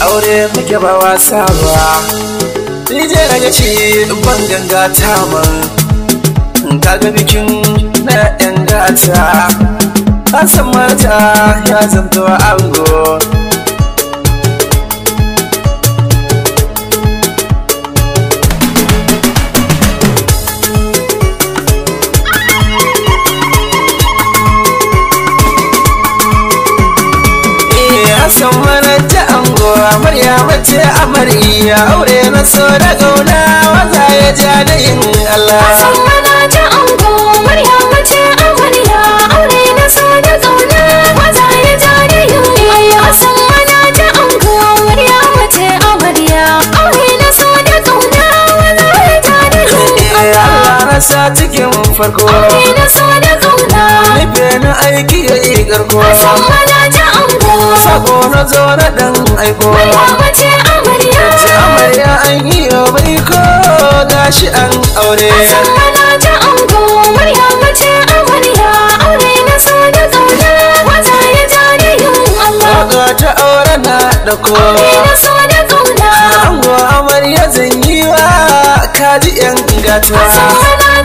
aure muke ba wasa ba ni je na ga ci ban ganga ta man kaga bikin na yan gata an san mata ya zanto ango ya mace amar'i ya aure na so da gauna wanda ya ja da yin Allah. sa cikin farko Amina so da zauna. Nufi na aiki ya yi garko Asamba na ji ango Sako na zo na dan aiko Mai ce amarya Ce amarya an yi yau bai ko gashi an aure Asamba na ji ango Murya mace amarya Aure na so da zauna. Wata ya ja da yin Allah Waka ta aure na dako Aure na so da kauna Ango amarya zan yi wa kaji yan gatuwa Asamba na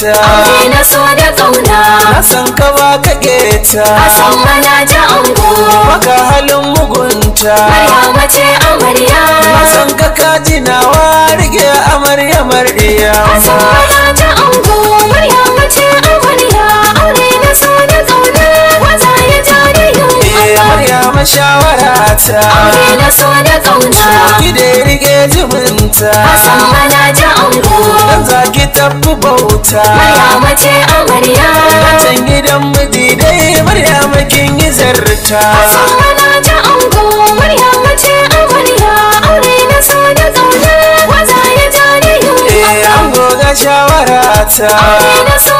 ta Aure na so da Na san ka ba ka keta A san mana ja ango Baka halin mugunta Maryama ce amarya Na san ka kaji nawa rige amarya mar'iya A san mana ja ango Maryama zama shawara aure na so da kauna ki da rike zumunta hasan na ta ango dan zaki tabbu bauta maryama ce amarya wancan gidan miji dai maryama kin yi zarta hasan na ta ango maryama ce amarya aure na so da kauna waza ya jani yau eh, ango ga shawara ta aure na so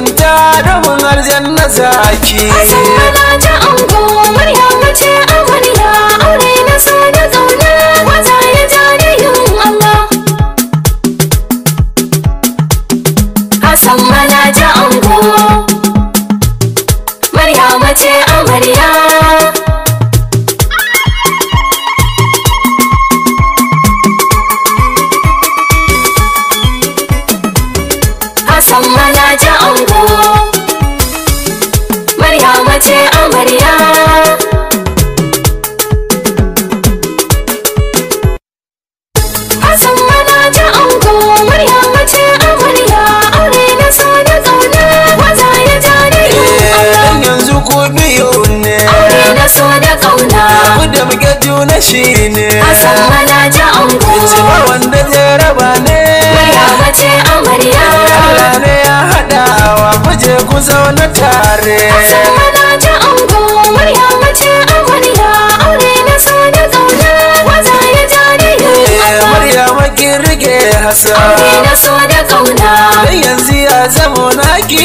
kusanta da mun aljanna zaki. Asan mana ta ango Maryam ce suna shi ne a sama na ja ango jima wanda zai raba ne marhaba ce amarya Allah ne ya hada wa kuje ku zauna tare a sama na ja ango marhaba ce amarya aure na so na zauna waza ya ja ne eh, maryama kin rige hasa aure na so da kauna dan yanzu ya zamo naki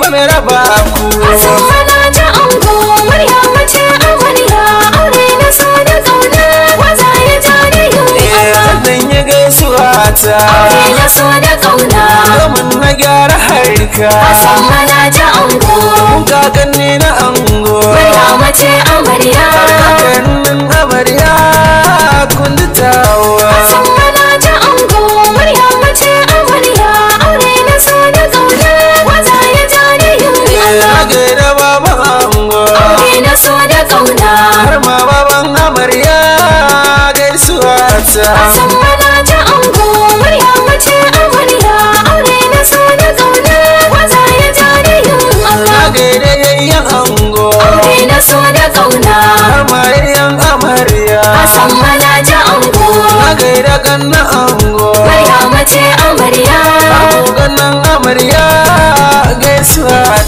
bane raba ku a sama ta na so da kauna Zaman na gyara harka Asan mana ta ango Kakanni na ango Mai mace amarya nan amarya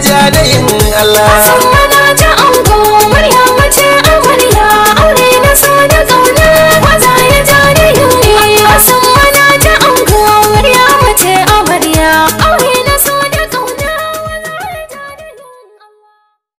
ja da yin Allah. Asama na ta ango murya